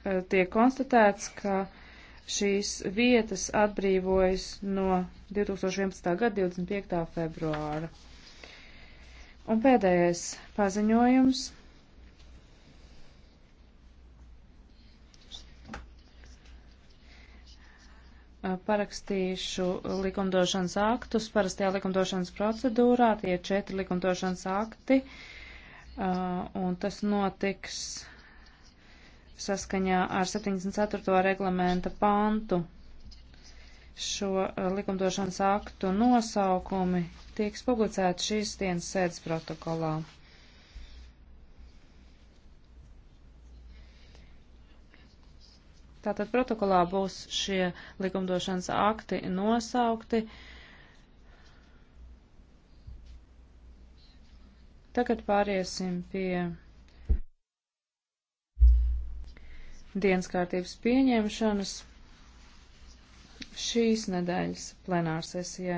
Eh, tiek konstatēts, ka šīs vietas atbrīvojas no 2011. gada 25. februāra. Un pēdējais paziņojums. Eh, parakstīšu likumdošanas aktus parastajā likumdošanas procedūrā. Tie ir četri likumdošanas akti, eh, un tas notiks saskaņā ar 74. reglamenta pantu. Šo eh, likumdošanas aktu nosaukumi tiks publicēti šīs dienas sēdes protokolā. Tātad protokolā būs šie likumdošanas akti nosaukti. Tagad pāriesim pie. dienas kārtības pieņemšanas šīs nedēļas plenārsesijai.